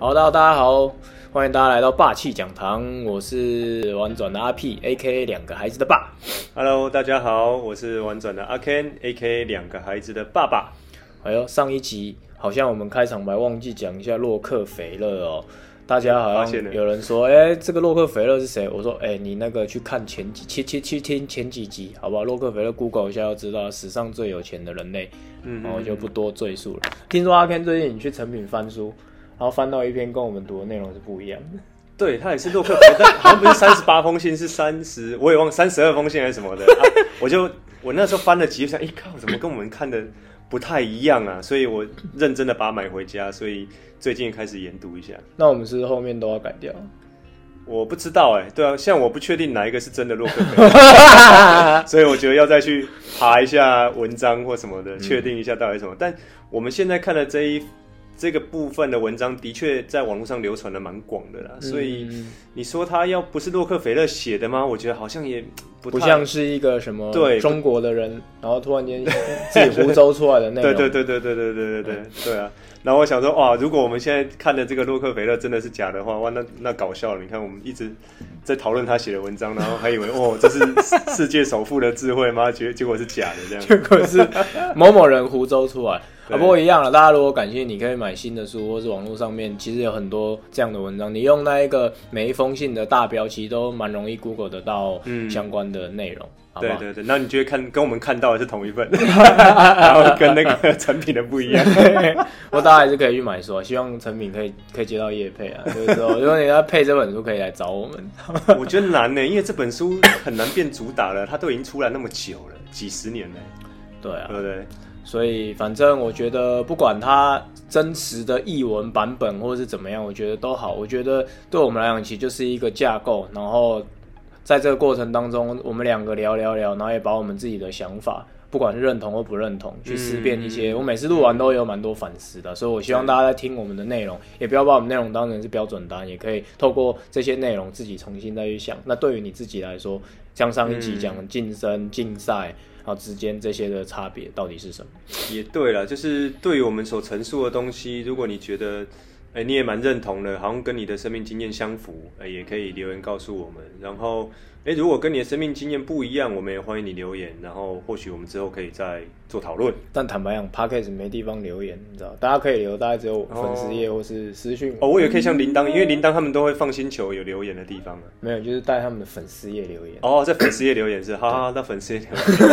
好，大家好，歡迎大家來到爸氣講堂。我是玩轉的阿 P，AKA 兩個孩子的爸。Hello，大家好，我是玩轉的阿 Ken，AKA 兩個孩子的爸爸。哎呦，上一集好像我們開場白忘記講一下洛克菲勒哦。大家好像有人說，誒、欸、這個洛克菲勒是誰？我說，誒、欸、你那個去看前幾、期，去去、去聽前幾集，好不好？洛克菲勒，Google 一下就知道史上最有錢的人類。嗯、嗯、嗯，然後我就不多贅述了。聽說阿 Ken 最近你去誠品翻書。然後翻到一篇跟我們讀的內容是不一樣的，對，他也是洛克， 但好像不是三十八封信，是三十，我也忘了三十二封信還是什麼的，啊、我就我那時候翻了幾頁哎看，怎麼跟我們看的不太一樣啊？所以，我認真的把它買回家，所以最近開始研讀一下。那我們是不是後面都要改掉？我不知道哎、欸，對啊，像我不確定哪一個是真的洛克， 所以我覺得要再去爬一下文章或什麼的，嗯、確定一下到底是什麼。但我們現在看的這一。這個部分的文章的確在網絡上流傳的蠻廣的啦，嗯、所以你說他要不是洛克菲勒寫的嗎？我覺得好像也不，不像是一個什麼中國的人，然後突然間自己胡謅出來的內容。 對對對對對對對對對對啊！嗯、然後我想說，哇，如果我們現在看的這個洛克菲勒真的是假的話，哇，那那搞笑了！你看我們一直在討論他寫的文章，然後還以為哦，這是世界首富的智慧嗎？結 結果是假的，這樣 結果是某某人胡謅出來。對啊，不過一樣了，大家如果感興趣，你可以買新的書，或是網絡上面其實有很多這樣的文章。你用那一個每一封信的大標題，其實都蠻容易 Google 得到相關的內容。嗯、好吧對對對，那你就看跟我們看到的是同一份， 然後跟那個成品的不一樣。對 不過大家還是可以去買書，啊，希望成品可以可以接到業配啊。就是說 如果你要配這本書，可以來找我們。我覺得難呢，欸， 因為這本書很難變主打了，它都已經出來那麼久了，幾十年了。對啊，對不對？所以，反正我覺得，不管它真實的譯文版本或是怎麼樣，我覺得都好。我覺得對我們來講，其實就是一個架構。然後，在這個過程當中，我們兩個聊聊聊，然後也把我們自己的想法，不管是認同或不認同，去思辨一些。我每次錄完都有蠻多反思的，所以我希望大家在聽我們的內容，也不要把我們內容當成是標準答案，也可以透過這些內容自己重新再去想。那對於你自己來說，像上一集講晉升、競賽。好，之間這些的差別到底是什麼？也對了，就是對於我們所陳述的東西，如果你覺得，哎，欸，你也蠻認同的，好像跟你的生命經驗相符，欸，也可以留言告訴我們。然後。誒如果跟你的生命經驗不一樣，我們也歡迎你留言，然後或許我們之後可以再做討論。但坦白講，Podcast 沒地方留言，你知道？大家可以留，大概只有粉絲頁或是私訊。我、哦哦、我也可以像鈴鐺，嗯、因為鈴鐺他們都會放星球有留言的地方沒有，就是帶他們的粉絲頁留言。哦，在粉絲頁留言是，好好好， 哈對那粉絲頁。留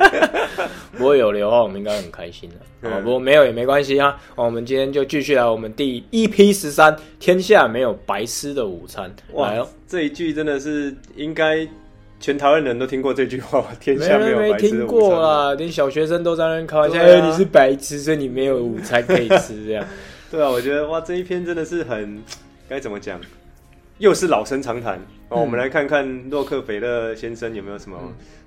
哈哈有留的話我們應該很開心的、嗯哦。不過沒有也沒關係啊、哦。我們今天就繼續來我們第 EP13，天下沒有白吃的午餐，哇來哦。這一句真的是應該全台灣人都聽過這句話。天下沒有白吃的午餐。沒沒聽過啦、啊，連小學生都在那考一下，哎、啊，因為你是白痴，所以你沒有午餐可以吃這樣。 對啊，我覺得哇，這一篇真的是很該怎麼講，又是老生常談。嗯、哦，我們來看看洛克菲勒先生有沒有什麼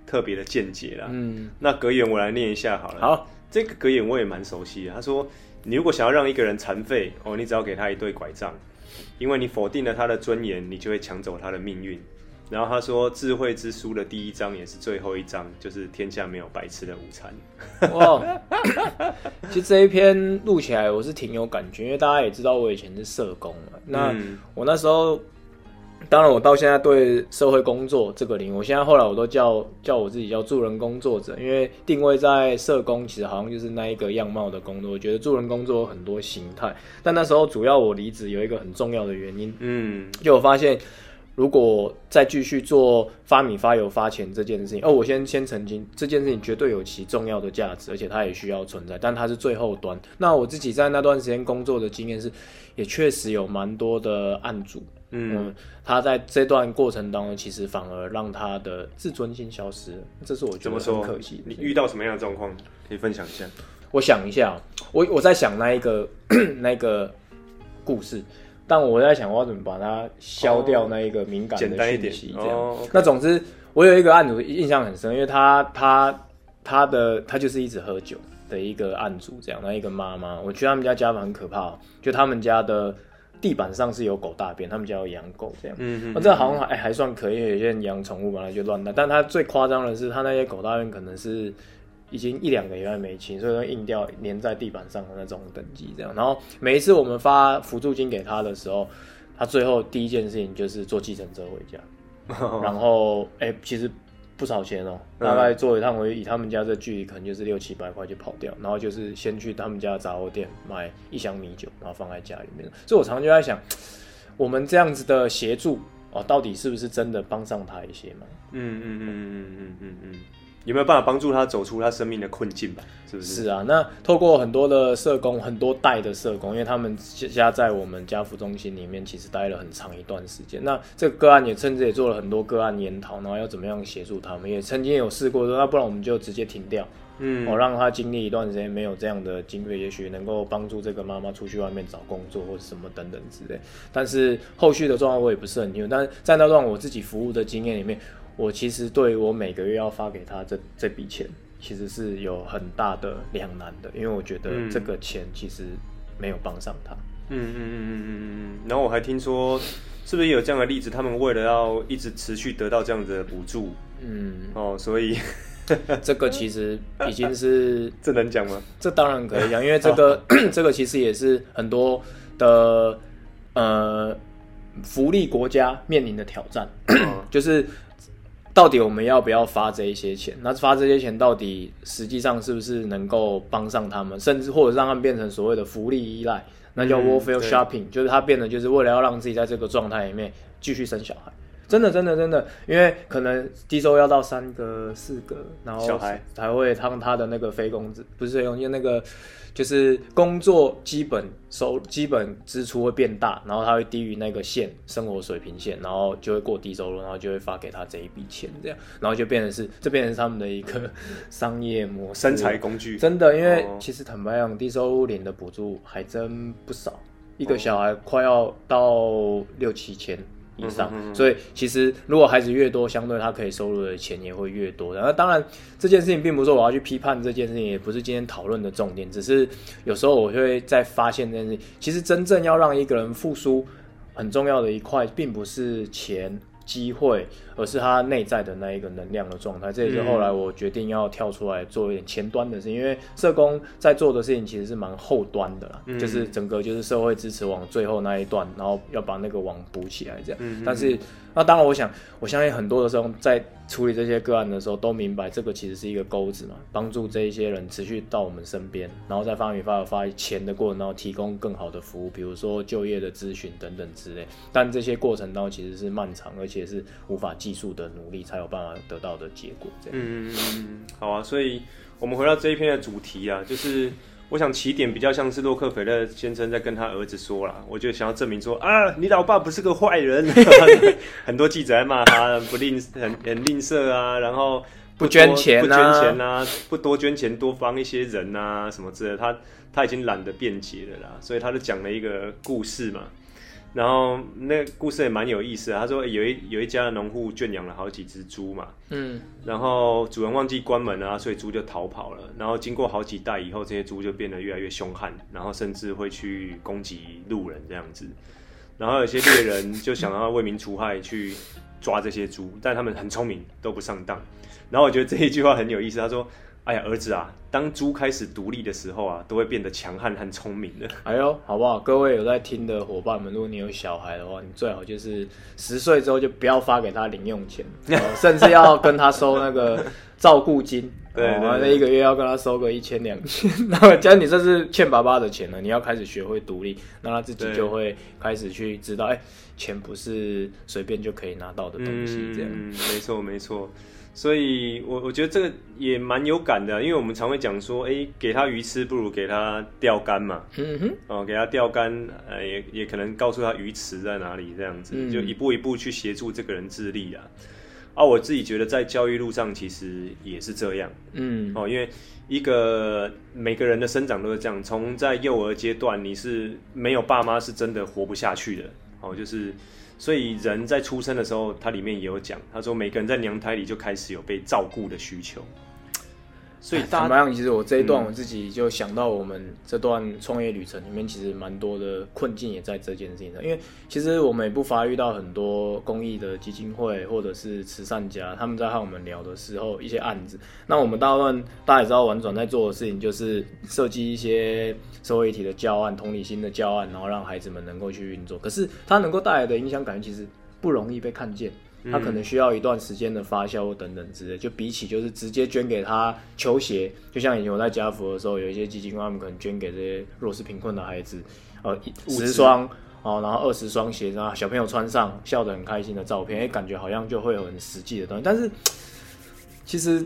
特別的見解啦。嗯，那格言我來念一下好了。好，這個格言我也蠻熟悉的。他說：“你如果想要讓一個人殘廢，哦，你只要給他一對拐杖。”因為你否定了他的尊嚴，你就會搶走他的命運。然後他說，《智慧之書》的第一章也是最後一章，就是天下沒有白吃的午餐。 哇！其實這一篇錄起來我是挺有感覺，因為大家也知道我以前是社工嘛。那我那時候。當然，我到現在對社會工作這個領域，我現在後來我都叫叫我自己叫助人工作者，因為定位在社工，其實好像就是那一個樣貌的工作。我覺得助人工作有很多形態，但那時候主要我離職有一個很重要的原因，嗯，就我發現如果再繼續做發米發油發錢這件事情，哦，我先先澄清，這件事情絕對有其重要的價值，而且它也需要存在，但它是最後端。那我自己在那段時間工作的經驗是，也確實有蠻多的案主。嗯，他在這段過程當中，其實反而讓他的自尊心消失了，這是我覺得很可惜。你遇到什麼樣的狀況？可以分享一下。我想一下，我我在想那一個 那一個故事，但我在想我要怎麼把它消掉、哦、那一個敏感的訊息這樣。簡單一點。哦，okay，那總之我有一個案主印象很深，因為他他他的他就是一直喝酒的一個案主，這樣，那一個媽媽，我去他們家家訪很可怕，就他們家的。地板上是有狗大便，他們家有養狗，這樣，那嗯嗯、啊、這個、好像還、欸、還算可以，有些人養寵物本來就亂帶。但他最誇張的是，他那些狗大便可能是已經一兩個月還沒清，所以說硬掉粘在地板上的那種等級這樣，然後每一次我們發輔助金給他的時候，他最後第一件事情就是坐計程車回家，哦、然後哎、欸，其實。不少錢哦，大概做一趟回，以他們家這距離，可能就是六七百塊就跑掉。然後就是先去他們家雜貨店買一箱米酒，然後放在家裡面。所以我常常就在想，我們這樣子的協助啊、哦，到底是不是真的幫上他一些嘛、嗯？嗯嗯嗯嗯嗯嗯嗯。嗯嗯嗯嗯嗯有沒有辦法幫助他走出他生命的困境吧？是不是？是啊，那透過很多的社工，很多代的社工，因為他們家在，在我們家福中心裡面，其實待了很長一段時間。那這個個案也甚至也做了很多個案研討，然後要怎麼樣協助他們？也曾經有試過說，那不然我們就直接停掉，嗯，我、哦、讓他經歷一段時間沒有這樣的經歷，也許能夠幫助這個媽媽出去外面找工作或者什麼等等之類。但是後續的狀況我也不是很清楚。但是在那段我自己服務的經驗裡面。我其實對我每個月要發給他這這筆錢，其實是有很大的兩難的，因為我覺得這個錢其實沒有幫上他。嗯嗯嗯嗯嗯嗯然後我還聽說，是不是也有這樣的例子？他們為了要一直持續得到這樣的補助，嗯哦，所以 這個其實已經是 這能講嗎？這當然可以講，因為這個、哦、 這個其實也是很多的呃福利國家面臨的挑戰，哦、 就是。到底我們要不要發這些錢？那發這些錢到底實際上是不是能夠幫上他們？甚至或者讓他們變成所謂的福利依賴？那叫 welfare shopping，、嗯、就是他變得就是為了要讓自己在這個狀態裡面繼續生小孩。真的，真的，真的，因為可能低收要到三個四個，然後小孩才會他他的那個非工資不是因為那個。就是工作基本收基本支出會變大，然後它會低於那個線生活水平線，然後就會過低收入，然後就會發給他這一筆錢，這樣，然後就變成是這變成他們的一個商業模式生財工具，真的，因為其實坦白講，低、哦、收入領的補助還真不少，一個小孩快要到六七千。以上，所以其實如果孩子越多，相對他可以收入的錢也會越多。然後當然，這件事情並不是我要去批判這件事情，也不是今天討論的重點，只是有時候我會在發現這件事情，事是其實真正要讓一個人復甦，很重要的一塊，並不是錢，機會。而是他內在的那一個能量的狀態，這也是後來我決定要跳出來做一點前端的事情，嗯、因為社工在做的事情其實是蠻後端的啦，嗯、就是整個就是社會支持網最後那一段，然後要把那個網補起來這樣。嗯嗯嗯但是那當然，我想我相信很多的時候在處理這些個案的時候，都明白這個其實是一個鈎子嘛，幫助這一些人持續到我們身邊，然後在發米發油發錢的過程，當中提供更好的服務，比如說就業的諮詢等等之類。但這些過程當中其實是漫長，而且是無法計。技術的努力才有辦法得到的結果。這樣，嗯，好啊。所以，我們回到這一篇的主題啊，就是我想起點比較像是洛克菲勒先生在跟他兒子說啦：「我就想要證明說啊，你老爸不是個壞人啊。 很多記者在罵他不吝很，很，很吝嗇啊，然後不，不捐錢啊，不捐錢啊，不多捐錢多幫一些人啊什麼之類的。他他已經懶得辯解了啦，所以他就講了一個故事嘛。然後那個故事也蠻有意思的。他說，有一有一家農戶圈養了好幾隻豬嘛，嗯，然後主人忘記關門啊，所以豬就逃跑了。然後經過好幾代以後，這些豬就變得越來越兇悍，然後甚至會去攻擊路人這樣子。然後有些獵人就想要為民除害，去抓這些豬， 但他們很聰明，都不上當。然後我覺得這一句話很有意思。他說。哎呀，兒子啊，當豬開始獨立的時候啊，都會變得強悍和聰明的。哎呦，好不好？各位有在聽的夥伴們，如果你有小孩的話，你最好就是十歲之後就不要發給他零用錢， 呃、甚至要跟他收那個照顧金。對，那一個月要跟他收個一千兩千。那既然，你這是欠爸爸的錢呢，你要開始學會獨立，那他自己就會開始去知道，對哎，錢不是隨便就可以拿到的東西。嗯、這樣，沒錯，沒錯。所以我，我我覺得這個也蠻有感的，因為我們常會講說，哎、欸，給他魚吃，不如給他釣竿嘛。嗯哼，哦，給他釣竿，呃，也也可能告訴他魚池在哪裡，這樣子，嗯、就一步一步去協助這個人自立啊。啊，我自己覺得在教育路上其實也是這樣。嗯，哦，因為一個每個人的生長都是這樣，從在幼兒階段，你是沒有爸媽，是真的活不下去的。哦，就是。所以人在出生的時候，他裡面也有講，他說，每個人在娘胎裡就開始有被照顧的需求。所以怎麼樣，嗯、其實我這一段我自己就想到，我們這段創業旅程裡面，其實蠻多的困境也在這件事情上。因為其實我們也不乏遇到很多公益的基金會或者是慈善家，他們在和我們聊的時候，一些案子。那我們大部分大家也知道，玩轉在做的事情就是設計一些社會議題的教案、同理心的教案，然後讓孩子們能夠去運作。可是它能夠帶來的影響感覺，其實不容易被看見。他可能需要一段時間的發酵或等等之類的，就比起就是直接捐給他球鞋，就像以前我在家福的時候，有一些基金會他們可能捐給這些弱勢貧困的孩子，呃，質十雙哦，然後二十雙鞋，然後小朋友穿上笑得很開心的照片，哎、欸，感覺好像就會有很實際的東西。但是其實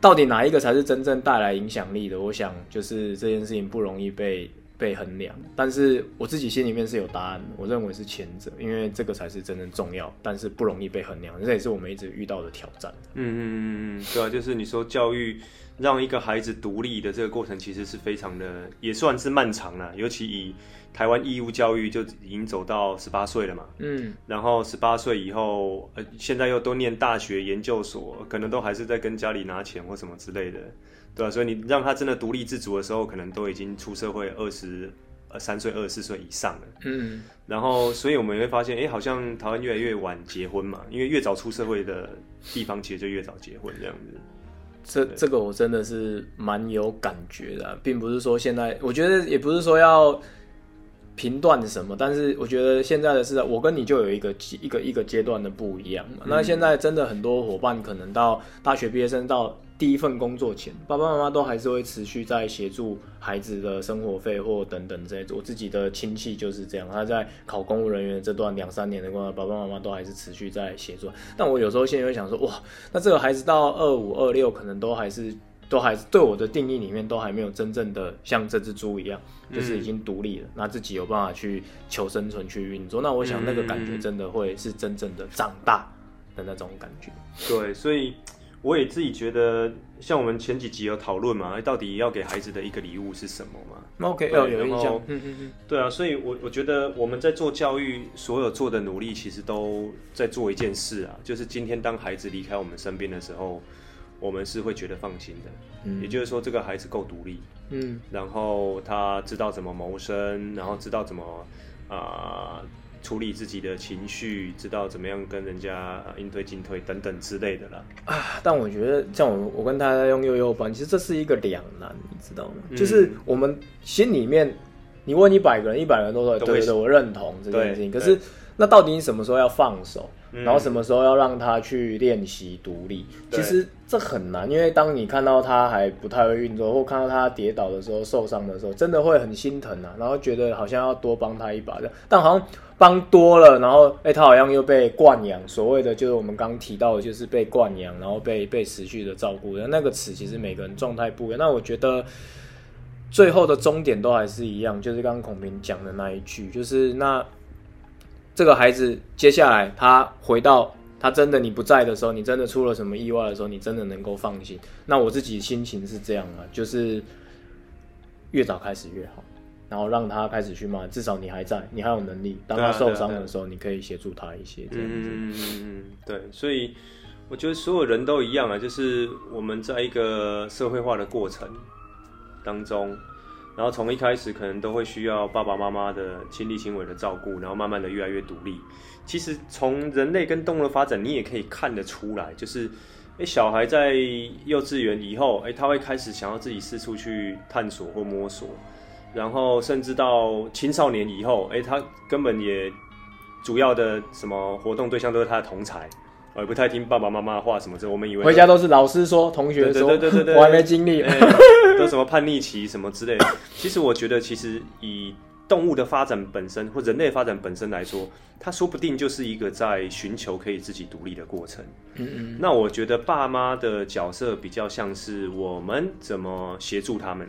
到底哪一個才是真正帶來影響力的？我想就是這件事情不容易被。被衡量，但是我自己心裡面是有答案，我認為是前者，因為這個才是真正重要，但是不容易被衡量，這也是我們一直遇到的挑戰。嗯嗯嗯嗯，對啊，就是你說教育讓一個孩子獨立的這個過程，其實是非常的，也算是漫長啦。尤其以台灣義務教育就已經走到十八歲了嘛，嗯，然後十八歲以後，現在又都念大學研究所，可能都還是在跟家裡拿錢或什麼之類的。對啊，所以你讓他真的獨立自主的時候，可能都已經出社會二十、呃、三歲、二十四歲以上了。嗯，然後所以我們會發現，哎，好像台灣越來越晚結婚嘛，因為越早出社會的地方，其實就越早結婚這樣子。這這個我真的是蠻有感覺的啊，並不是說現在，我覺得也不是說要評斷什麼，但是我覺得現在的是，我跟你就有一個一個一個階段的不一樣嘛。嗯，那現在真的很多伙伴，可能到大學畢業生到。第一份工作前，爸爸媽媽都還是會持續在協助孩子的生活費或等等這些。我自己的親戚就是這樣，他在考公務人員這段兩三年的時光，爸爸媽媽都還是持續在協助。但我有時候現在會想說，哇，那這個孩子到二五二六，可能都還是都還是對我的定義裡面都還沒有真正的像這隻豬一樣，嗯、就是已經獨立了，那自己有辦法去求生存去運作。那我想那個感覺真的會是真正的長大的那種感覺。對，所以。我也自己覺得，像我們前幾集有討論嘛，到底要給孩子的一個禮物是什麼嘛？那 OK，對，哦，有印象、嗯、哼哼對啊，所以我，我我覺得我們在做教育，所有做的努力，其實都在做一件事啊，就是今天當孩子離開我們身邊的時候，我們是會覺得放心的，嗯、也就是說，這個孩子夠獨立，嗯、然後他知道怎麼謀生，然後知道怎麼啊。呃處理自己的情緒，知道怎麼樣跟人家進、啊、應對進退等等之類的啦。啊！但我覺得，像我我跟他用悠悠板，其實這是一個兩難，你知道嗎？嗯、就是我們心裡面，你問一百個人，一百個人都說會對的，我認同這件事情。可是那到底你什麼時候要放手，嗯、然後什麼時候要讓他去練習獨立？對其實這很難，因為當你看到他還不太會運作，或看到他跌倒的時候受傷的時候，真的會很心疼啊！然後覺得好像要多幫他一把這樣，但好像。幫多了，然後哎、欸，他好像又被慣養，所謂的就是我們剛提到的，就是被慣養，然後被被持續的照顧。的那個詞其實每個人狀態不一樣。那我覺得最後的終點都還是一樣，就是剛剛孔明講的那一句，就是那這個孩子接下來他回到他真的你不在的時候，你真的出了什麼意外的時候，你真的能夠放心。那我自己心情是這樣啊，就是越早開始越好。然後讓他開始去罵，至少你還在，你還有能力。當他受傷的時候，你可以協助他一些，對啊對啊對，這樣子。嗯嗯嗯對。所以我覺得所有人都一樣啊，就是我們在一個社會化的過程當中，然後從一開始可能都會需要爸爸媽媽的親力親為的照顧，然後慢慢的越來越獨立。其實從人類跟動物的發展，你也可以看得出來，就是，誒，小孩在幼稚園以後，誒，他會開始想要自己四處去探索或摸索。然後甚至到青少年以後，哎，他根本也主要的什麼活動對象都是他的同儕，而不太聽爸爸媽媽的話什麼。這我們以為回家都是老師說，同學說，對對對，對，對，對我還沒經歷，都什麼叛逆期什麼之類的。其實我覺得，其實以動物的發展本身或者人類的發展本身來說，他說不定就是一個在尋求可以自己獨立的過程。嗯嗯，那我覺得爸媽的角色比較像是我們怎麼協助他們。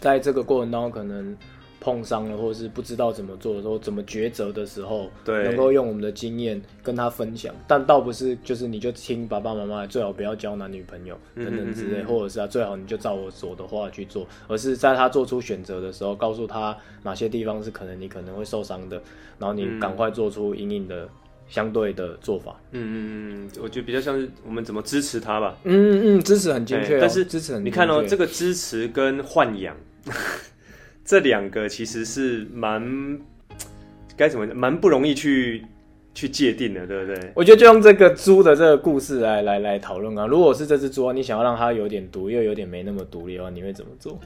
在這個過程當中，可能碰傷了，或者是不知道怎麼做的時候，怎麼抉擇的時候，時候對，能夠用我們的經驗跟他分享。但倒不是，就是你就聽爸爸媽媽，最好不要交男女朋友等等之類，嗯嗯嗯，或者是啊，最好你就照我說的話去做。而是在他做出選擇的時候，告訴他哪些地方是可能你可能會受傷的，然後你趕快做出陰影的。嗯相對的做法，嗯嗯嗯，我覺得比較像是我們怎麼支持它吧，嗯嗯嗯，支持很精確，喔欸，但是、喔、支持很，你看哦，這個支持跟豢養，這兩個其實是蠻該怎麼，蠻不容易去去界定的，對不對？我覺得就用這個豬的這個故事來來來討論啊，如果是這隻豬，啊、你想要讓它有點獨立又有點沒那麼獨立的話，你會怎麼做？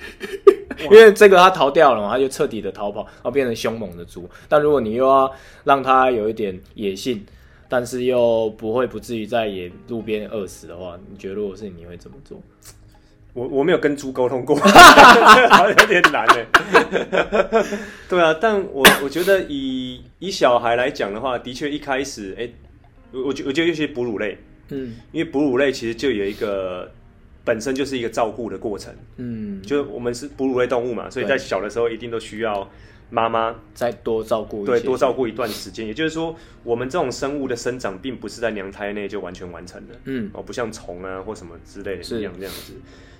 因為這個它逃掉了嘛，它就徹底的逃跑，然後變成兇猛的豬。但如果你又要讓它有一點野性，但是又不會不至於在野路邊餓死的話，你覺得如果是你會怎麼做？我我沒有跟豬溝通過，好像 有點難的。 對啊，但我我覺得以以小孩來講的話，的確一開始，哎、欸，我我我覺得尤其哺乳類，嗯，因為哺乳類其實就有一個。本身就是一個照顧的過程，嗯，就我們是哺乳類動物嘛，所以在小的時候一定都需要。媽媽再多照顧對，多照顧一段時間，也就是說，我們這種生物的生長並不是在娘胎內就完全完成了，嗯，哦，不像蟲啊或什麼之類的一是樣這樣子，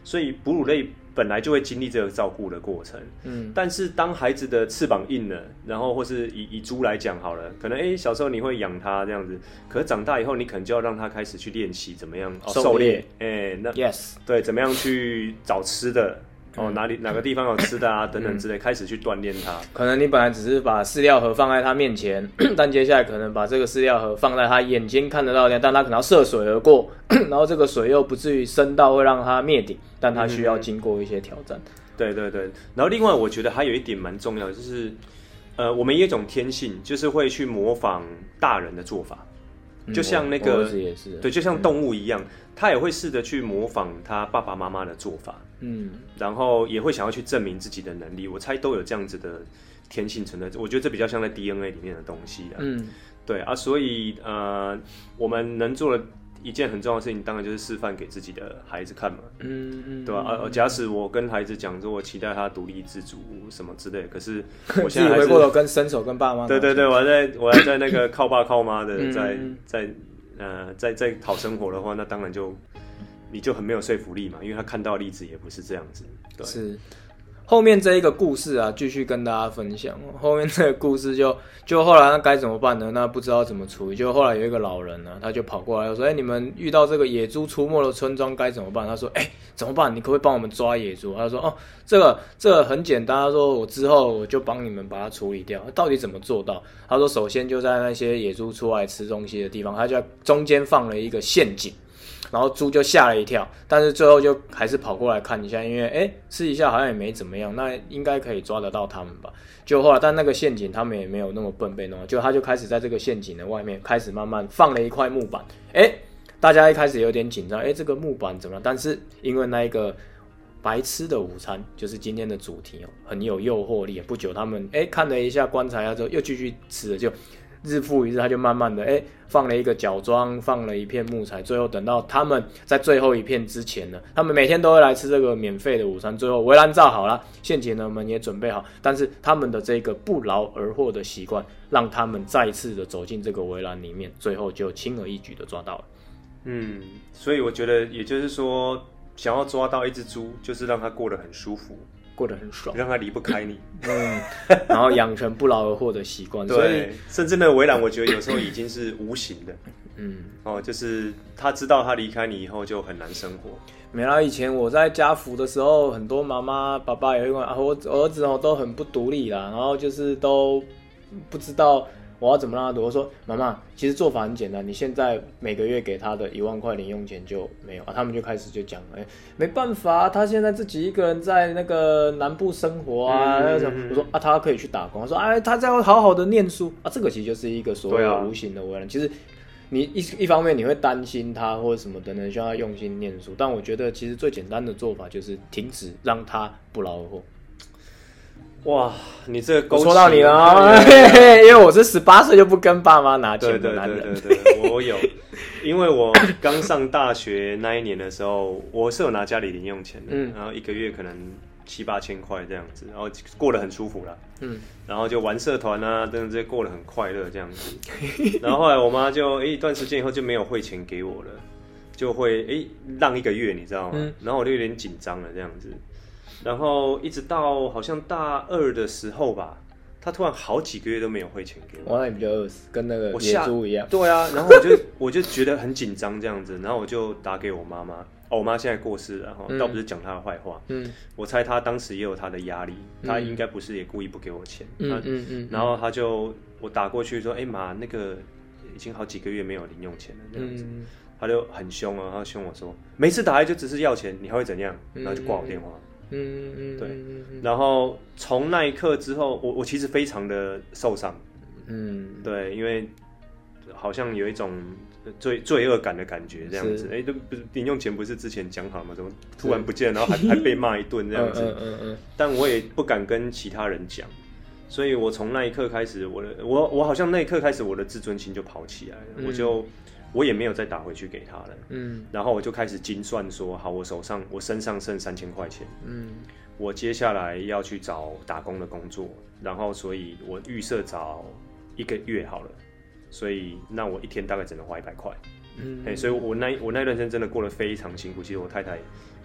所以哺乳類本來就會經歷這個照顧的過程，嗯，但是當孩子的翅膀硬了，然後或是以以豬來講好了，可能哎、欸、小時候你會養它這樣子，可是長大以後你可能就要讓它開始去練習怎麼樣狩獵，哎，那 yes，對，怎麼樣去找吃的。哦，哪裡哪個地方有吃的啊？等等之類，嗯、開始去鍛鍊它。可能你本來只是把飼料盒放在它面前，但接下來可能把這個飼料盒放在它眼睛看得到的，但它可能要涉水而過，然後這個水又不至於深到會讓它滅頂，但它需要經過一些挑戰。嗯嗯，對對對。然後另外，我覺得還有一點蠻重要的，就是，呃，我們有一種天性就是會去模仿大人的做法，嗯、就像那個，是，對，就像動物一樣。嗯他也會試着去模仿他爸爸媽媽的做法，嗯，然後也會想要去證明自己的能力，我猜都有這樣子的天性存在。我覺得這比較像在 DNA 裡面的東西啊，嗯，對啊，所以呃，我們能做的一件很重要的事情，當然就是示範給自己的孩子看嘛，嗯嗯，嗯對吧、啊？呃，假使我跟孩子講說，我期待他獨立自主什麼之類，可是我現在回過跟伸手跟爸媽，對對對，我還在我還在那個靠爸靠媽的在、嗯、在。呃，在在討生活的話，那當然就，你就很沒有說服力嘛，因為他看到的例子也不是這樣子，對。後面這一個故事啊，繼續跟大家分享。後面這個故事就就後來那該怎麼辦呢？那不知道怎麼處理。就後來有一個老人呢，他就跑過來說：“欸，你們遇到這個野豬出沒的村莊該怎麼辦？”他說：“欸，怎麼辦？你可不可以幫我們抓野豬？”他說：“哦，這個這個很簡單。他說我之後我就幫你們把它處理掉。到底怎麼做到？”他說：“首先就在那些野豬出來吃東西的地方，他就在中間放了一個陷阱。”然後豬就嚇了一跳，但是最後就還是跑過來看一下，因為誒，試一下好像也沒怎麼樣，那應該可以抓得到他們吧？就後來但那個陷阱他們也沒有那麼笨被弄了，就他就開始在這個陷阱的外面開始慢慢放了一塊木板，誒，大家一開始有點緊張，誒，這個木板怎麼樣？但是因為那個白吃的午餐就是今天的主題哦，很有誘惑力。不久他們誒看了一下觀察，一下之後又繼續吃了就。日復一日，他就慢慢的，誒、欸，放了一個角樁，放了一片木材，最後等到他們在最後一片之前呢，他們每天都會來吃這個免費的午餐。最後圍欄造好了，陷阱呢，我們也準備好，但是他們的這個不勞而獲的習慣，讓他們再次的走進這個圍欄裡面，最後就輕而易舉的抓到了。嗯，所以我覺得，也就是說，想要抓到一隻豬，就是讓它過得很舒服。過得很爽，讓他離不開你，嗯， 然後養成不勞而獲的習慣，對，所以甚至那個圍欄我覺得有時候已經是無形的，嗯， 哦，就是他知道他離開你以後就很難生活。沒啦，以前我在家福的時候，很多媽媽、爸爸也問、啊、我兒子哦，都很不獨立啦，然後就是都不知道。我要怎麼讓他讀？我說媽媽，其實做法很簡單，你現在每個月給他的一萬塊零用錢就沒有啊。他們就開始就講，哎、欸，沒辦法，他現在自己一個人在那個南部生活啊。嗯、那我說啊，他可以去打工。他說哎、啊，他在好好的念書啊。這個其實就是一個所謂無形的為難。啊、其實你一一方面你會擔心他或者什麼等等，需要他用心念書。但我覺得其實最簡單的做法就是停止讓他不勞而獲。哇，你這個勾到你了、嗯嘿嘿，因為我是十八歲就不跟爸媽拿錢的男人。對對對對，對我有， 因為我剛上大學那一年的時候，我是有拿家裡零用錢的，嗯、然後一個月可能七八千塊這樣子，然後過得很舒服啦。嗯，然後就玩社團啊，等等這些，過得很快樂這樣子。然後後來我媽就、欸、一段時間以後就沒有匯錢給我了，就會誒浪、欸、一個月，你知道嗎？嗯、然後我就有點緊張了這樣子。然後一直到好像大二的時候吧，他突然好幾個月都沒有匯錢給我，我那也比較餓死，跟那個野豬一樣。對啊，然後我就 我就覺得很緊張這樣子，然後我就打給我媽媽，哦，我媽現在過世了哈，然後倒不是講她的壞話，嗯，我猜她當時也有她的壓力，她應該不是也故意不給我錢，嗯嗯嗯，然後她就我打過去說，哎、欸、媽，那個已經好幾個月沒有零用錢了這樣子，嗯、她就很凶啊、哦，她凶我說，每次打來就只是要錢，你還會怎樣？然後就掛我電話。嗯嗯嗯，嗯，對，然後從那一刻之後，我我其實非常的受傷，嗯，對，因為好像有一種罪罪惡感的感覺，這樣子，哎是，都不是，零用錢不是之前講好了嗎？怎麼突然不見，是然後還還被罵一頓 這樣子，嗯嗯，但我也不敢跟其他人講，所以我從那一刻開始我，我的我我好像那一刻開始，我的自尊心就跑起來了，嗯、我就。我也沒有再打回去給他了。嗯，然後我就開始精算說，說好，我手上我身上剩三千塊錢。嗯，我接下來要去找打工的工作，然後所以，我預設找一個月好了。所以那我一天大概只能花一百塊。嗯嘿，所以我那我那段時間真的過得非常辛苦。其實我太太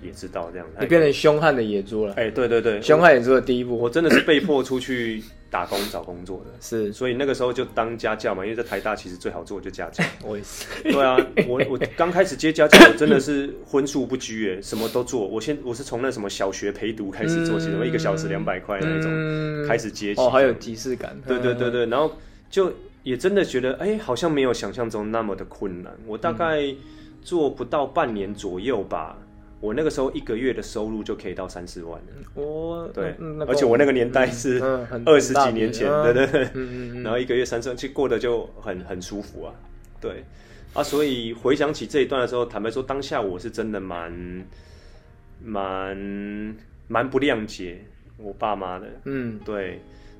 也知道這樣，她你變成兇悍的野豬了。哎、欸，對對對，兇悍野豬的第一步，我，我真的是被迫出去。 打工找工作的，是，所以那個時候就當家教嘛，因為在台大其實最好做就家教。 我也是，對啊，我我剛開始接家教， 我真的是葷素不拘 什麼都做。我先我是從那什麼小學陪讀開始做起，然後、嗯、一個小時兩百塊那種，嗯、開始接起。哦，還有儀式感。對對對對，然後就也真的覺得，哎、欸，好像沒有想象中那麼的困難。我大概做不到半年左右吧。嗯我那個時候一個月的收入就可以到三四萬哦，嗯、對，那個、而且我那個年代是二十幾年前，嗯嗯嗯、 對對、對、嗯嗯嗯、然後一個月三四萬，其實過得就很很舒服啊，對，啊，所以回想起這一段的時候，坦白說，當下我是真的蠻蠻蠻不諒解我爸媽的，嗯，對，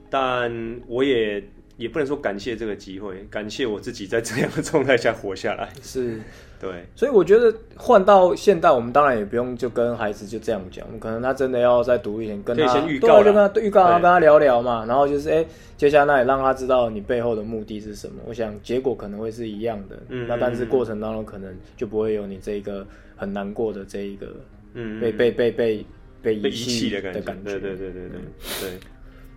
但我也。也不能說感謝這個機會，感謝我自己在這樣的狀態下活下來。是，對。所以我覺得換到現代，我們當然也不用就跟孩子就這樣講，我們可能他真的要再讀一點，跟他預就跟他預告、啊，對跟他聊聊嘛。然後就是，哎、欸，接下來讓他知道你背後的目的是什麼？我想結果可能會是一樣的，嗯嗯，那但是過程當中可能就不會有你這一個很難過的這一個，嗯，嗯，被被被被被遺棄的感覺，對對對對對對。嗯對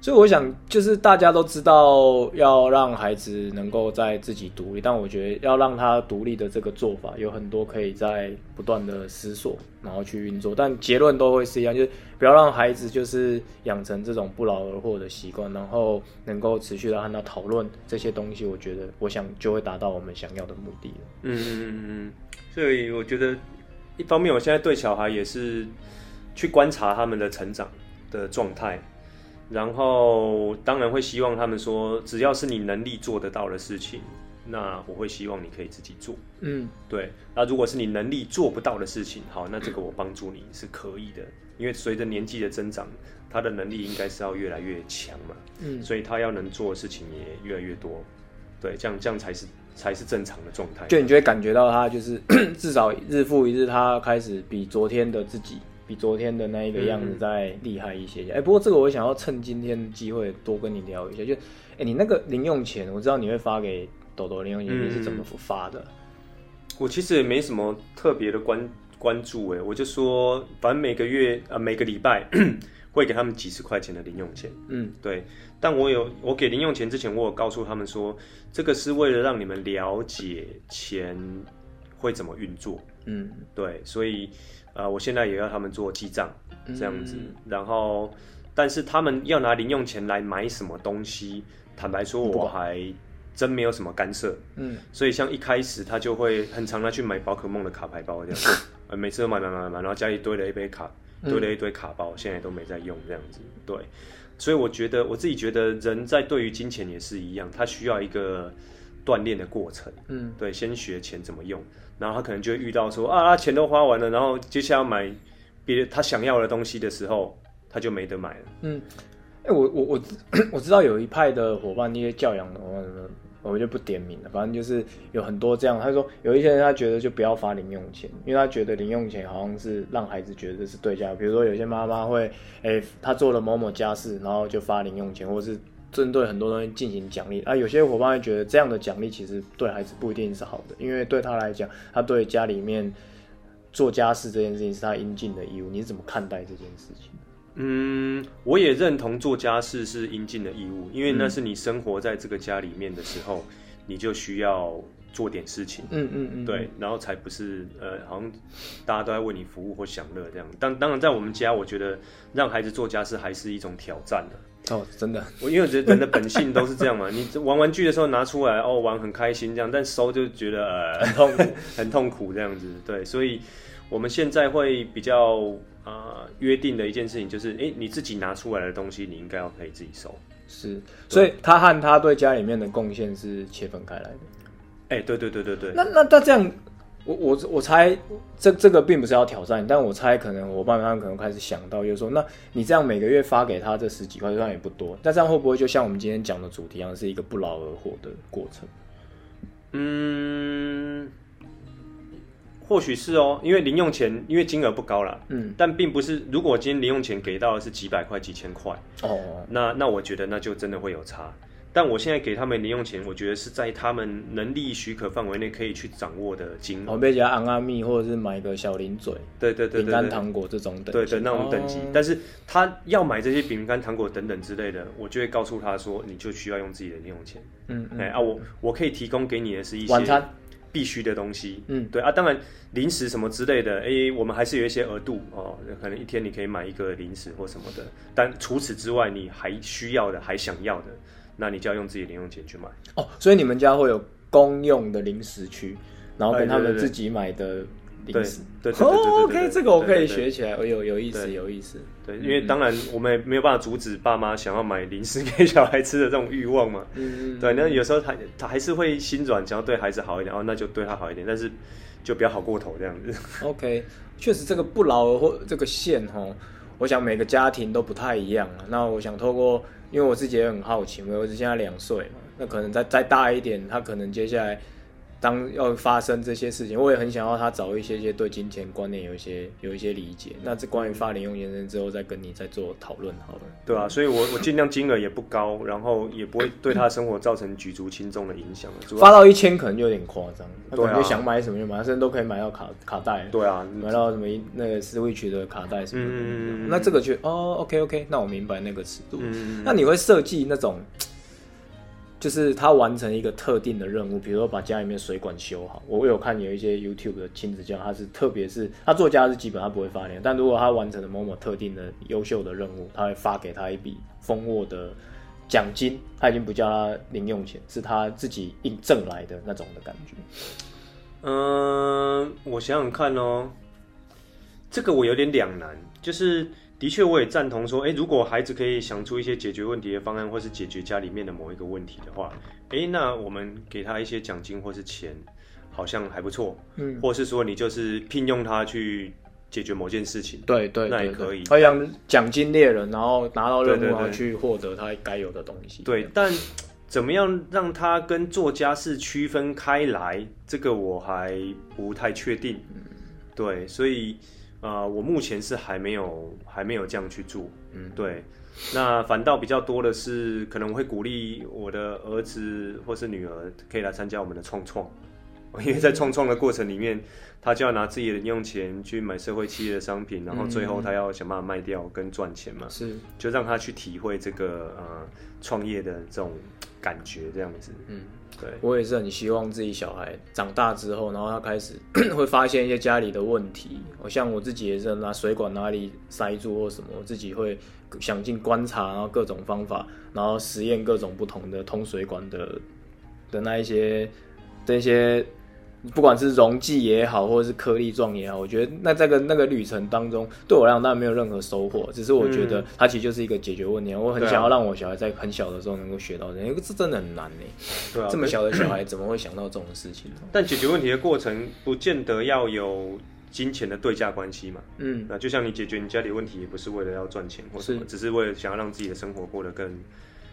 所以我想，就是大家都知道要讓孩子能夠在自己獨立，但我覺得要讓他獨立的這個做法有很多可以在不斷的思索，然後去運作。但結論都會是一樣，就是不要讓孩子就是養成這種不勞而獲的習慣，然後能夠持續的和他討論這些東西。我覺得，我想就會達到我們想要的目的了。嗯嗯嗯嗯，所以我覺得一方面我現在對小孩也是去觀察他們的成長的狀態。然後，當然會希望他們說，只要是你能力做得到的事情，那我會希望你可以自己做。嗯，對。那如果是你能力做不到的事情，好，那這個我幫助你是可以的，嗯，因為隨着年紀的增長，他的能力應該是要越來越強嘛。嗯，所以他要能做的事情也越來越多。對，這樣這樣才是才是正常的狀態。就你就會感覺到他就是，呵呵，至少日復一日，他開始比昨天的自己。比昨天的那一個樣子再厲害一些，哎、嗯欸，不過這個我想要趁今天的機會多跟你聊一下，就，哎、欸，你那個零用錢，我知道你會發給豆豆零用錢，嗯、你是怎麼發的？我其實也沒什麼特別的關關注，哎，我就說，反正每個月啊，每個禮拜 會給他們幾十塊錢的零用錢，嗯，對，但我有，我給零用錢之前，我有告訴他們說，這個是為了讓你們了解錢會怎麼運作。嗯，對，所以，呃，我現在也要他們做記賬這樣子，嗯、然後，但是他們要拿零用錢來買什麼東西，坦白說我還真沒有什麼干涉。嗯，所以像一開始他就會很常拿去買寶可夢的卡牌包這樣子，嗯、呃，每次都買買買買，然後家裡堆了一堆卡，堆了一堆卡包，現在都沒在用這樣子，對，所以我覺得我自己覺得人在對於金錢也是一樣，他需要一個鍛鍊的過程。嗯，對，先學錢怎麼用。然後他可能就會遇到說啊，他錢都花完了，然後接下來要買別他想要的東西的時候，他就沒得買了。嗯，哎、欸，我我我我知道有一派的夥伴，那些教養的夥伴們我就不點名了。反正就是有很多這樣，他說有一些人他覺得就不要發零用錢，因為他覺得零用錢好像是讓孩子覺得是對價。比如說有些媽媽會，哎、欸，他做了某某家事，然後就發零用錢，或者是。針對很多東西進行獎勵啊，有些夥伴會覺得這樣的獎勵其實對孩子不一定是好的，因為對他來講，他對家裡面做家事這件事情是他應盡的義務。你是怎麼看待這件事情？嗯，我也認同做家事是應盡的義務，因為那、嗯、是你生活在這個家裡面的時候，你就需要做點事情。嗯嗯嗯，嗯嗯對，然後才不是呃，好像大家都在為你服務或享樂這樣。但當然，在我們家，我覺得讓孩子做家事還是一種挑戰的、啊。哦，真的。我因為我覺得人的本性都是這樣嘛。 你玩玩具的時候拿出來哦，玩很開心這樣，但收就覺得、呃、很痛苦 很痛苦這樣子。對，所以我們現在會比較啊、呃、約定的一件事情就是，誒、欸，你自己拿出來的東西你應該要可以自己收。是，所以他和他對家裡面的貢獻是切分開來的。欸、對,對對對對對。那那那這樣。我我我猜，這這個並不是要挑戰，但我猜可能我爸媽可能開始想到，就是說，那你這樣每個月發給他這十幾塊，就算也不多，但這樣會不會就像我們今天講的主題一樣，是一個不勞而獲的過程？嗯，或許是哦，因為零用錢因為金額不高啦。嗯，但並不是，如果我今天零用錢給到的是幾百塊、幾千塊，哦，那那我覺得那就真的會有差。但我現在給他們零用錢，我覺得是在他們能力許可範圍內可以去掌握的金額。哦，比如昂阿密，或者是買一個小零嘴，對對，餅乾、糖果這種等級，對的那種等級。哦，但是他要買這些餅乾、糖果等等之類的，我就會告訴他說，你就需要用自己的零用錢。嗯，嗯，哎、欸、啊，我我可以提供給你的是一些必須的東西。嗯餐，對啊，當然零食什麼之類的，哎、欸，我們還是有一些額度哦，可能一天你可以買一個零食或什麼的，但除此之外，你還需要的，還想要的。那你就要用自己零用錢去買哦，所以你們家會有公用的零食區，然後跟他們自己買的零食。對對 o k 這個我可以學起來，對對對對有有意思，有意思。對，因為當然我們也沒有辦法阻止爸媽想要買零食給小孩吃的這種欲望嘛。嗯對，那有時候他他還是會心軟，想要對孩子好一點，哦，那就對他好一點，但是就不要好過頭這樣子。OK，確實這個不勞而獲這個線哈。我想每個家庭都不太一樣啊。那我想透過，因為我自己也很好奇，我兒子現在兩歲，那可能再再大一點，他可能接下來。當要發生這些事情，我也很想要他找一些些對金錢觀念有一些有一些理解。那這關於發零用錢延伸之後，再跟你再做討論，好了。對啊，所以我我盡量金額也不高， 然後也不會對他的生活造成舉足輕重的影響。發到一千可能就有點誇張。對啊。想買什麼就買，甚至都可以買到卡卡帶。對啊。買到什麼那個 switch 的卡帶什麼的。嗯。那這個就哦，OK OK，那我明白那個尺度。嗯、那你會設計那種？就是他完成一個特定的任務，比如說把家裡面水管修好。我有看有一些 YouTube 的親子教，他是特別是他做家是基本他不會發錢，但如果他完成了某某某特定的優秀的任務，他會發給他一筆豐厚的獎金。他已經不叫他零用錢，是他自己硬掙來的那種的感覺。嗯、呃，我想想看哦，這個我有點兩難，就是。的確，我也贊同說、欸，如果孩子可以想出一些解決問題的方案，或是解決家裡面的某一個問題的話，欸、那我們給他一些獎金或是錢，好像還不錯。嗯，或是說你就是聘用他去解決某件事情。對對，對，對對，那也可以。培養獎金獵人，然後拿到任務、嗯、對對對，去獲得他該有的東西。對，對，對，對，但怎麼樣讓他跟作家是區分開來？這個我還不太確定。嗯、對，所以。呃，我目前是還沒有還沒有這樣去做，嗯，對，那反倒比較多的是，可能我會鼓勵我的兒子或是女兒可以來參加我們的創創。 因為在創創的過程裡面，他就要拿自己的零用錢去買社會企業的商品，然後最後他要想辦法賣掉跟賺錢嘛，是、嗯嗯、就讓他去體會這個呃創業的這種感覺，這樣子。嗯，對我也是很希望自己小孩長大之後，然後他開始 會發現一些家裡的問題，像我自己也是拿水管哪裡塞住或什麼，我自己會想盡觀察，然後各種方法，然後實驗各種不同的通水管的的那一些這些。不管是溶劑也好，或是顆粒狀也好，我覺得那這個那個旅程當中，對我來講，當然沒有任何收穫。只是我覺得它其實就是一個解決問題。嗯、我很想要讓我小孩在很小的時候能夠學到這些，因為、啊、這真的很難呢。對啊，這麼小的小孩怎麼會想到這種事情呢？但解決問題的過程，不見得要有金錢的對價關係嘛。嗯，那就像你解決你家裡問題，也不是為了要賺錢或，或是只是為了想要讓自己的生活過得更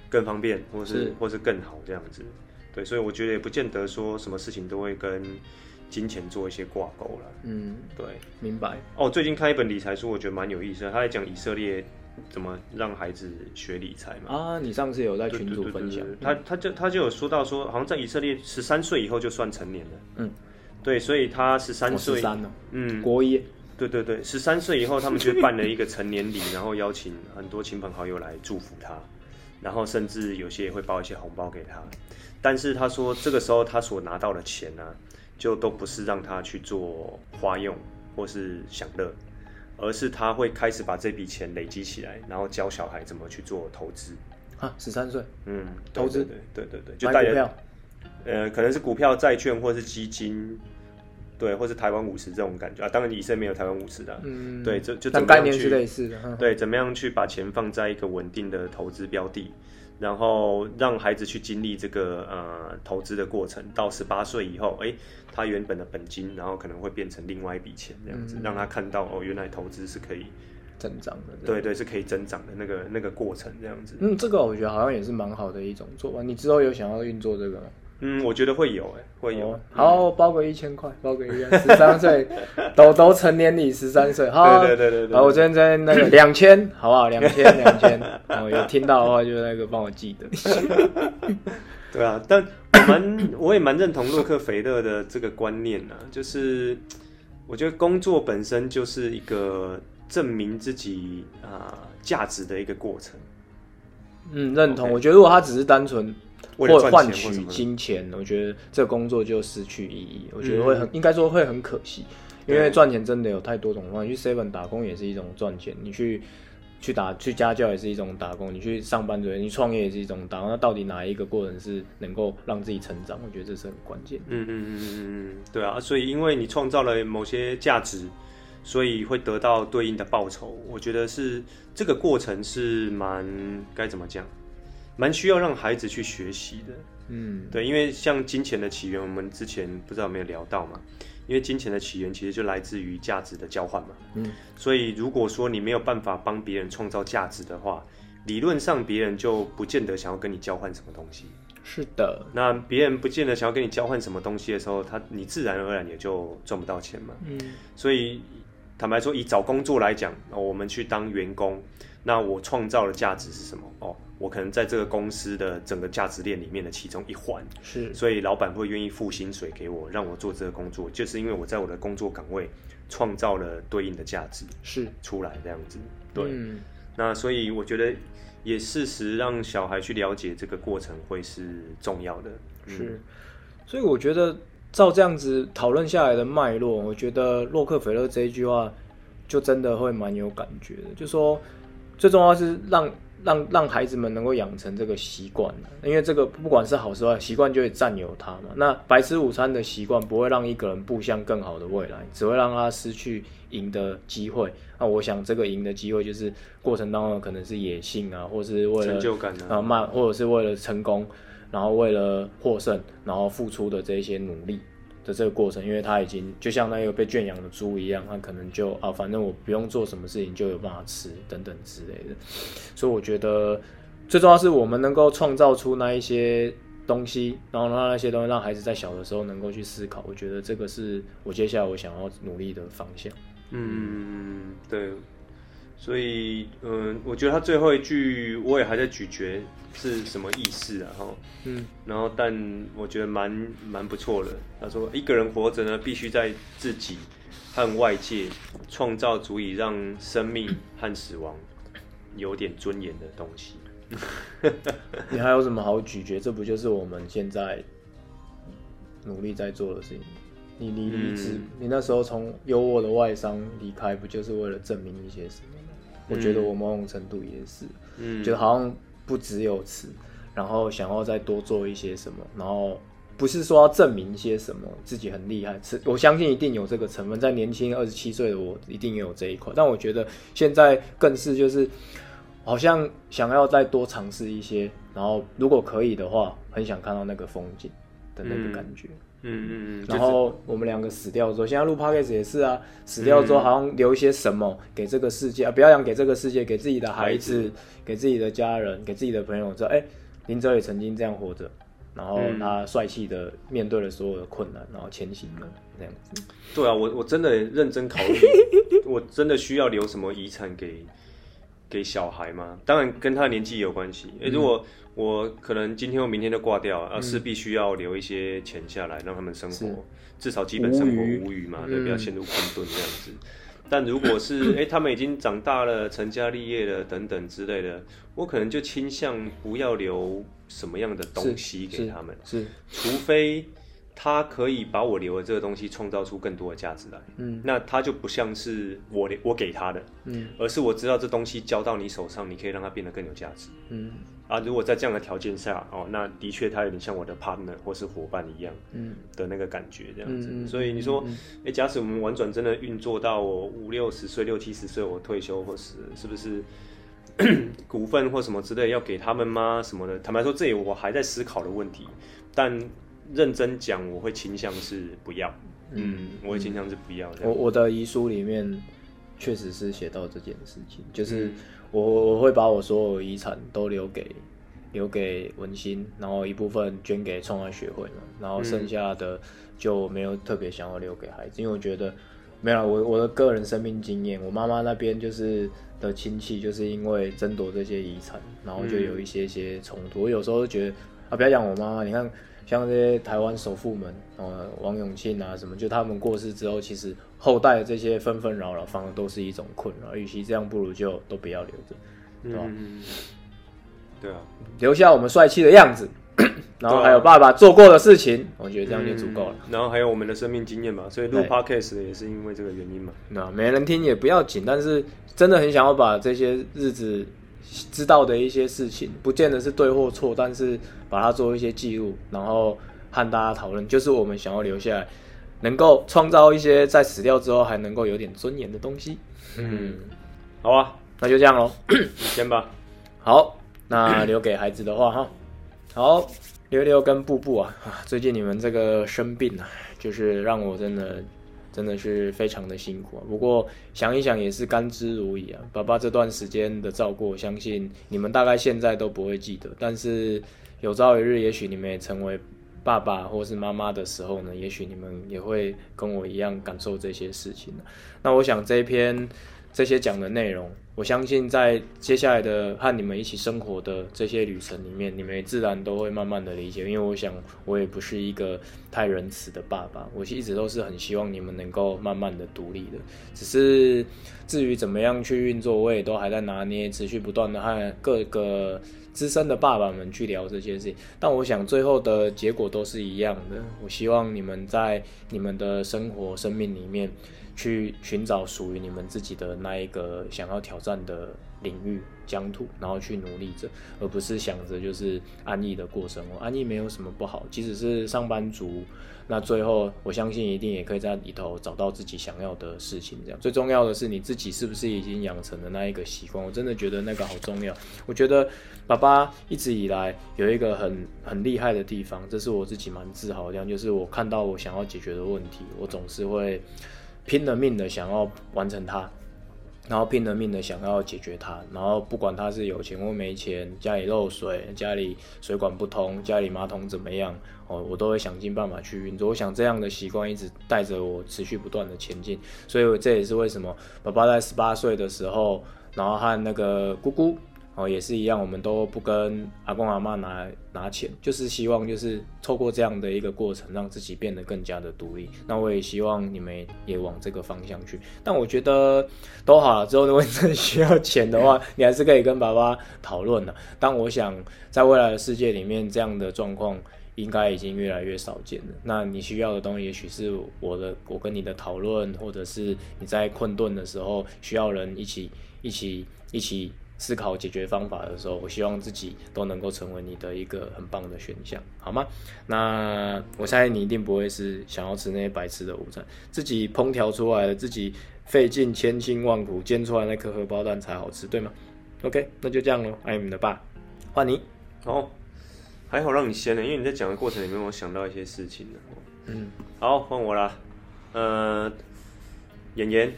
更方便，或是，是或是更好這樣子。對，所以我覺得也不見得說什麼事情都會跟金錢做一些掛鈎了。嗯，對，明白。哦，最近看一本理財書，我覺得蠻有意思的。他在講以色列怎麼讓孩子學理財嘛。啊，你上次有在群組分享。他他、嗯、就他就有說到說，好像在以色列十三歲以後就算成年了。嗯，對，所以他十三歲。哦哦、嗯，國一業。對對對，十三歲以後他們就辦了一個成年禮， 然後邀請很多親朋好友來祝福他。然後甚至有些也會包一些紅包給他，但是他說這個時候他所拿到的錢呢、啊，就都不是讓他去做花用或是享樂，而是他會開始把這筆錢累積起來，然後教小孩怎麼去做投資。啊，十三歲，嗯，投資，對對對，對對對，就大家、股票？呃，可能是股票、債券或是基金。對，或是台灣五十這種感覺啊，當然以色列沒有台灣五十的嗯嗯。對，就就怎麼樣去，但概念是類似的，呵呵對，怎麼樣去把錢放在一個穩定的投資標的，然後讓孩子去經歷這個呃投資的過程，到十八歲以後，哎、欸，他原本的本金，然後可能會變成另外一筆錢，這樣子，嗯、讓他看到哦，原來投資是可以增長的。對，對對，是可以增長的那個那個過程，這樣子。嗯，這個我覺得好像也是蠻好的一種做法。你之後有想要運作這個嗎？嗯，我覺得會有、欸，哎，會有。哦、好，嗯、包個一千塊，包個一千。十三歲都都成年禮，十三歲。好、啊，對對對對對，對好。我這邊在那個兩千，好不好？兩千兩千。然後有聽到的話就那個幫我記得。 對啊，但我蠻，我也蠻認同洛克菲勒的這個觀念呢、啊，就是我覺得工作本身就是一個證明自己啊、呃、價值的一個過程。嗯，認同。Okay. 我覺得如果他只是單純。或換取金錢，我覺得這工作就失去意義。嗯嗯，我覺得會很，應該說會很可惜，對因為賺錢真的有太多種方法，你去 seven 打工也是一種賺錢，你去去打去家教也是一種打工，你去上班做，你創業也是一種打工。那到底哪一個過程是能夠讓自己成長？我覺得這是很關鍵。嗯嗯嗯嗯嗯嗯，對啊，所以因為你創造了某些價值，所以會得到對應的報酬。我覺得是這個過程是蠻該怎麼講？蠻需要讓孩子去學習的，嗯，對，因為像金錢的起源，我們之前不知道有沒有聊到嘛？因為金錢的起源其實就來自於價值的交換嘛，嗯，所以如果說你沒有辦法幫別人創造價值的話，理論上別人就不見得想要跟你交換什麼東西。是的，那別人不見得想要跟你交換什麼東西的時候，他你自然而然也就賺不到錢嘛，嗯，所以坦白說，以找工作來講，哦，我們去當員工，那我創造的價值是什麼？哦。我可能在這個公司的整個價值鏈裡面的其中一環，是。所以老板會願意付薪水給我，讓我做這個工作，就是因為我在我的工作崗位創造了對應的價值，是出來這樣子。嗯、對，那所以我覺得也適時讓小孩去了解這個過程會是重要的。嗯、是，所以我覺得照這樣子討論下來的脈絡，我覺得洛克菲勒這一句話就真的會蠻有感覺的，就說最重要是讓。讓讓孩子們能夠養成這個習慣，因為這個不管是好是壞，習慣就會佔有他嘛。那白吃午餐的習慣不會讓一個人步向更好的未來，只會讓他失去贏的機會。那我想這個贏的機會就是過程當中可能是野性啊，或是為了成就感啊，慢、啊、或者是為了成功，然後為了獲勝，然後付出的這一些努力。的這個過程，因為他已經就像那個被圈養的豬一樣，他可能就啊，反正我不用做什麼事情就有辦法吃等等之類的。所以我覺得最重要是我們能夠創造出那一些東西，然後讓他那些東西讓孩子在小的時候能夠去思考。我覺得這個是我接下來我想要努力的方向。嗯，對。所以，嗯，我覺得他最後一句我也還在咀嚼。是什麼意思、啊嗯、然後嗯，然後，但我覺得蠻蠻不錯的。他說，一個人活着呢，必須在自己和外界創造足以讓生命和死亡有點尊嚴的東西。 你還有什麼好咀嚼？這不就是我們現在努力在做的事情嗎？你你你一你那時候從優渥的外商離開，不就是為了證明一些什麼嗎？嗯、我覺得我某種程度也是，覺得、嗯、好像。不只有吃，然後想要再多做一些什麼，然後不是說要證明一些什麼自己很厲害，我相信一定有這個成分。在年輕二十七歲的我，一定也有這一塊。但我覺得現在更是就是，好像想要再多嘗試一些，然後如果可以的話，很想看到那個風景的那個感覺。嗯。嗯嗯嗯，然後我們兩個死掉之後，現在錄 podcast 也是啊，死掉之後好像留一些什麼給這個世界、嗯、啊，不要講給這個世界，給自己的孩子，孩子給自己的家人，給自己的朋友知道，說，哎，林哲也曾經這樣活着，然後他帥氣的面對了所有的困難，然後前行了這樣子。對啊，我我真的認真考慮， 我真的需要留什麼遺產給。給小孩嗎？當然跟他年紀有關係。嗯、如果我可能今天或明天就掛掉了，嗯啊、是必須要留一些錢下來讓他們生活，是至少基本生活無虞嘛，魚對，不要陷入困頓這樣子。嗯、但如果是、欸、他們已經長大了、成家立業了等等之類的，我可能就傾向不要留什麼樣的東西給他們，是，是是除非。他可以把我留的這個東西創造出更多的價值來，嗯，那他就不像是我我給他的，嗯，而是我知道這東西交到你手上，你可以讓它變得更有價值，嗯，啊，如果在這樣的條件下哦，那的確他有點像我的 partner 或是夥伴一樣的那個感覺，這樣子，嗯、所以你說，哎、欸，假使我們玩轉真的運作到我五六十歲、六七十歲，我退休或是是不是 股份或什麼之類要給他們嗎？什麼的？坦白說，這也我還在思考的問題，但。認真講，我會傾向是不要。嗯，嗯，我會傾向是不要的。我我的遺書裡面確實是寫到這件事情，就是我、嗯、我會把我所有遺產都留給留給文心，然後一部分捐給創愛學會嘛，然後剩下的就沒有特別想要留給孩子，嗯、因為我覺得沒有啦。我我的個人生命經驗，我媽媽那邊就是的親戚，就是因為爭奪這些遺產，然後就有一些些衝突。嗯、我有時候覺得啊，不要講我媽媽，你看。像這些台灣首富們，呃、王永慶啊，什麼，就他們過世之後，其實後代的這些紛紛擾擾，反而都是一種困擾。與其這樣，不如就都不要留着，對、嗯、吧？對啊，留下我們帥氣的樣子， 然後還有爸爸做過的事情，啊、我覺得這樣就足夠了、嗯。然後還有我們的生命經驗嘛，所以錄 podcast 也是因為這個原因嘛，那沒人聽也不要緊，但是真的很想要把這些日子。知道的一些事情，不見得是對或錯，但是把它做一些記錄，然後和大家討論，就是我們想要留下來，能夠創造一些在死掉之後還能夠有點尊嚴的東西。嗯，嗯，好吧，那就這樣咯 先吧。好，那留給孩子的話哈，好，劉劉跟步步啊，啊，最近你們這個生病啊，就是讓我真的。真的是非常的辛苦啊，不過想一想也是甘之如飴啊。爸爸這段時間的照顧，我相信你們大概現在都不會記得，但是有朝一日，也許你們也成為爸爸或是媽媽的時候呢，也許你們也會跟我一樣感受這些事情啊。那我想這一篇。這些講的內容，我相信在接下來的和你們一起生活的這些旅程裡面，你們自然都會慢慢的理解。因為我想，我也不是一個太仁慈的爸爸，我一直都是很希望你們能夠慢慢的獨立的。只是至於怎麼樣去運作，我也都還在拿捏，持續不斷的和各個資深的爸爸們去聊這些事情。但我想，最後的結果都是一樣的。我希望你們在你們的生活、生命裡面。去尋找屬於你們自己的那一個想要挑戰的領域疆土，然後去努力着，而不是想着就是安逸的過生活。安逸沒有什麼不好，即使是上班族，那最後我相信一定也可以在裡頭找到自己想要的事情。這樣最重要的是你自己是不是已經養成了那一個習慣？我真的覺得那個好重要。我覺得爸爸一直以來有一個很很厲害的地方，這是我自己蠻自豪的，這樣就是我看到我想要解決的問題，我總是會。拼了命的想要完成它，然後拼了命的想要解決它，然後不管他是有錢或沒錢，家裡漏水，家裡水管不通，家裡馬桶怎麼樣，哦，我都會想盡辦法去運作。我想這樣的習慣一直帶着我持續不斷的前進，所以這也是為什麼爸爸在十八歲的時候，然後和那個姑姑。哦，也是一樣，我們都不跟阿公阿嬤拿拿錢，就是希望就是透過這樣的一個過程，讓自己變得更加的獨立。那我也希望你們也往這個方向去。但我覺得都好了之後，如果你真的需要錢的話，有你還是可以跟爸爸討論的。但我想，在未來的世界裡面，這樣的狀況應該已經越來越少見了。那你需要的東西，也許是我的，我跟你的討論，或者是你在困頓的時候需要人一起一起一起。一起思考解決方法的時候，我希望自己都能夠成為你的一個很棒的選項，好嗎？那我猜你一定不會是想要吃那些白吃的午餐，自己烹調出來的，自己費盡千辛萬苦煎出來那顆荷包蛋才好吃，對嗎？OK，那就這樣嘍。愛你們的爸。換你哦，還好讓你先呢，因為你在講的過程裡面，我想到一些事情。嗯，好，換我啦。呃，妍妍，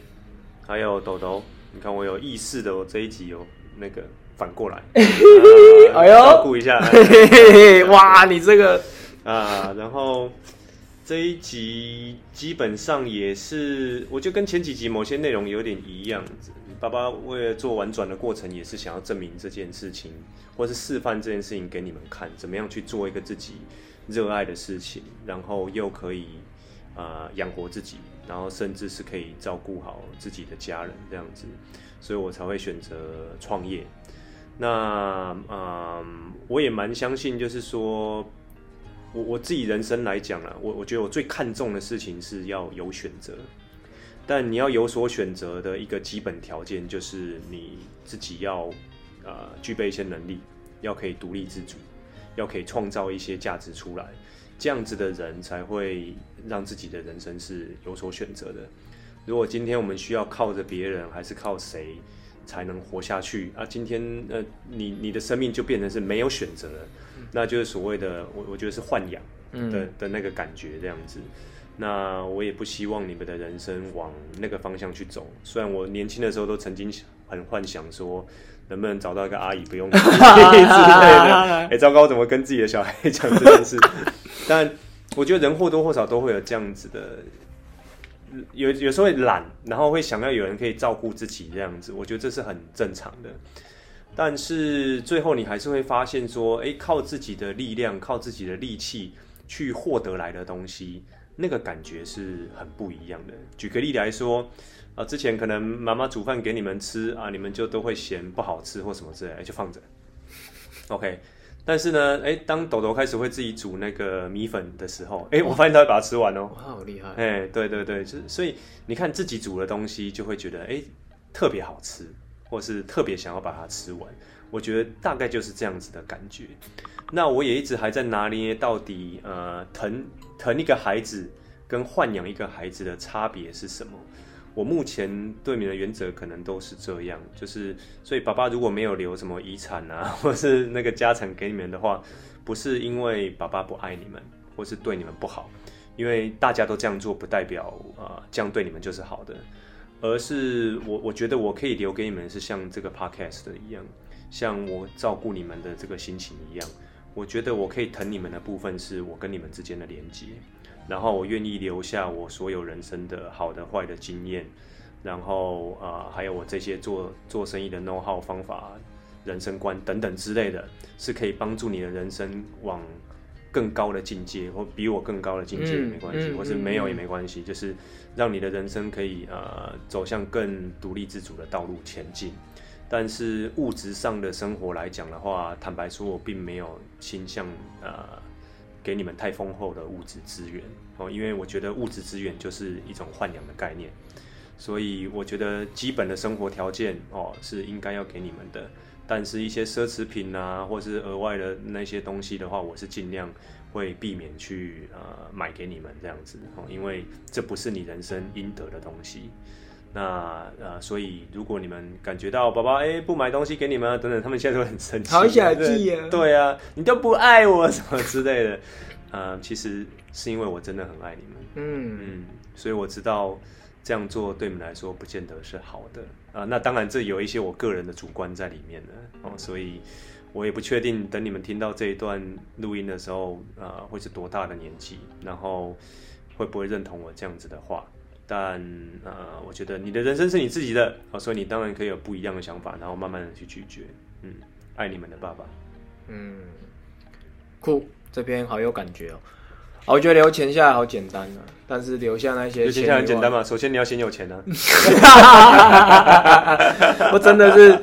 還有豆豆，你看我有意識的哦，我這一集哦。那個反過來，照顧一下。嘿嘿嘿。 哇，啊、你這個啊，然後這一集基本上也是，我就跟前幾集某些內容有點一樣子。爸爸為了做玩轉的過程，也是想要證明這件事情，或是示範這件事情給你們看，怎麼樣去做一個自己熱愛的事情，然後又可以啊呃、養活自己，然後甚至是可以照顧好自己的家人，這樣子。所以我才會選擇創業。那嗯、呃，我也蠻相信，就是說我我自己人生來講啊，我我覺得我最看重的事情是要有選擇。但你要有所選擇的一個基本條件，就是你自己要呃具備一些能力，要可以獨立自主，要可以創造一些價值出來，這樣子的人才會讓自己的人生是有所選擇的。如果今天我們需要靠着別人，還是靠誰才能活下去啊？今天呃，你你的生命就變成是沒有選擇了。那就是所謂的我我覺得是豢養的的，的那個感覺這樣子。嗯。那我也不希望你們的人生往那個方向去走。雖然我年輕的時候都曾經很幻想說，能不能找到一個阿姨不用累 之類的。哎，糟糕，怎麼跟自己的小孩講這件事？ 但我覺得人或多或少都會有這樣子的。有有時候會懶，然後會想要有人可以照顧自己這樣子，我覺得這是很正常的。但是最後你還是會發現說，誒、欸，靠自己的力量，靠自己的力氣去獲得來的東西，那個感覺是很不一樣的。舉個例來說，啊，之前可能媽媽煮飯給你們吃啊，你們就都會嫌不好吃或什麼之類的，就放着。OK。但是呢，哎，當豆豆開始會自己煮那個米粉的時候，哎，我發現他會把它吃完哦，哇，好厲害！哎，對對對，就所以你看自己煮的東西，就會覺得哎特別好吃，或是特別想要把它吃完。我覺得大概就是這樣子的感覺。那我也一直還在拿捏到底呃疼疼一個孩子跟豢養一個孩子的差別是什麼。我目前對你的原則可能都是這樣，就是所以爸爸如果沒有留什麼遺產啊，或是那個家產給你們的話，不是因為爸爸不愛你們，或是對你們不好，因為大家都這樣做不代表啊、呃、這樣對你們就是好的，而是我我覺得我可以留給你們是像這個 podcast 的一樣，像我照顧你們的這個心情一樣，我覺得我可以疼你們的部分是我跟你們之間的連接。然後我願意留下我所有人生的好的壞的經驗，然後啊、呃，還有我這些做做生意的 know how 方法、人生觀等等之類的，是可以幫助你的人生往更高的境界，或比我更高的境界也沒關係，嗯、或是沒有也沒關係，嗯、就是讓你的人生可以呃走向更獨立自主的道路前進。但是物質上的生活來講的話，坦白說，我並沒有傾向呃。給你們太豐厚的物質資源哦，因為我覺得物質資源就是一種豢養的概念，所以我覺得基本的生活條件哦是應該要給你們的，但是一些奢侈品吶、啊，或是額外的那些東西的話，我是盡量會避免去呃買給你們這樣子哦，因為這不是你人生應得的東西。那呃，所以如果你們感覺到爸爸哎不買東西給你們等等，他們現在都很生氣，好小氣啊，對，對啊，你都不愛我什麼之類的，呃，其實是因為我真的很愛你們，嗯嗯，所以我知道這樣做對你們來說不見得是好的啊、呃。那當然，這有一些我個人的主觀在裡面呢，哦、呃，所以我也不確定等你們聽到這一段錄音的時候，呃，會是多大的年紀，然後會不會認同我這樣子的話。但呃，我覺得你的人生是你自己的。好，所以你當然可以有不一樣的想法，然後慢慢的去拒絕。嗯，愛你們的爸爸。嗯，酷，這邊好有感覺哦。啊、我覺得留錢下來好簡單啊，但是留下那些……留錢下來很簡單嘛，首先你要先有錢啊。哈哈哈哈哈哈！我真的是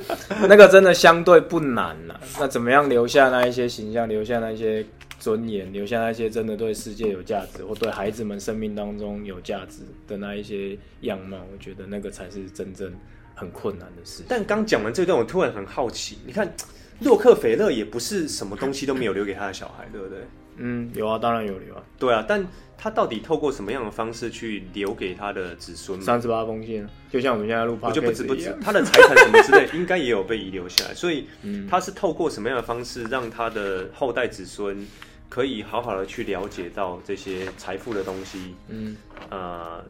那個真的相對不難了、啊。那怎麼樣留下那一些形象，留下那一些？尊嚴，留下那些真的對世界有價值，或對孩子們生命當中有價值的那一些樣貌，我覺得那個才是真正很困難的事。但剛講完這段，我突然很好奇，你看洛克菲勒也不是什麼東西都沒有留給他的小孩，咳咳對不對？嗯，有啊，當然有留啊。對啊，但他到底透過什麼樣的方式去留給他的子孫？三十八封信，就像我們現在錄，我就不知不知 他的財產什麼之類，應該也有被遺留下來。所以他是透過什麼樣的方式讓他的後代子孫？可以好好的去了解到這些財富的東西，嗯，啊、呃，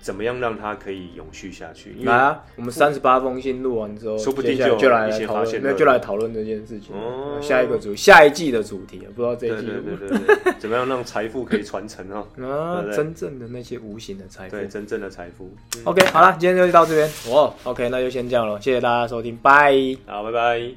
怎麼樣讓它可以永續下去？來為啊，我們三十八封信錄完之後，說不定就來一些發現來討論，那就來討論這件事情。哦、嗯，下一個主下一季的主題，不知道這一季對對對對對怎麼樣讓財富可以傳承哈？ 啊，對對對真正的那些無形的財富對，真正的財富。嗯、OK，好了，今天就到這邊哦。OK，那就先這樣了，謝謝大家收聽，拜拜，好，拜拜。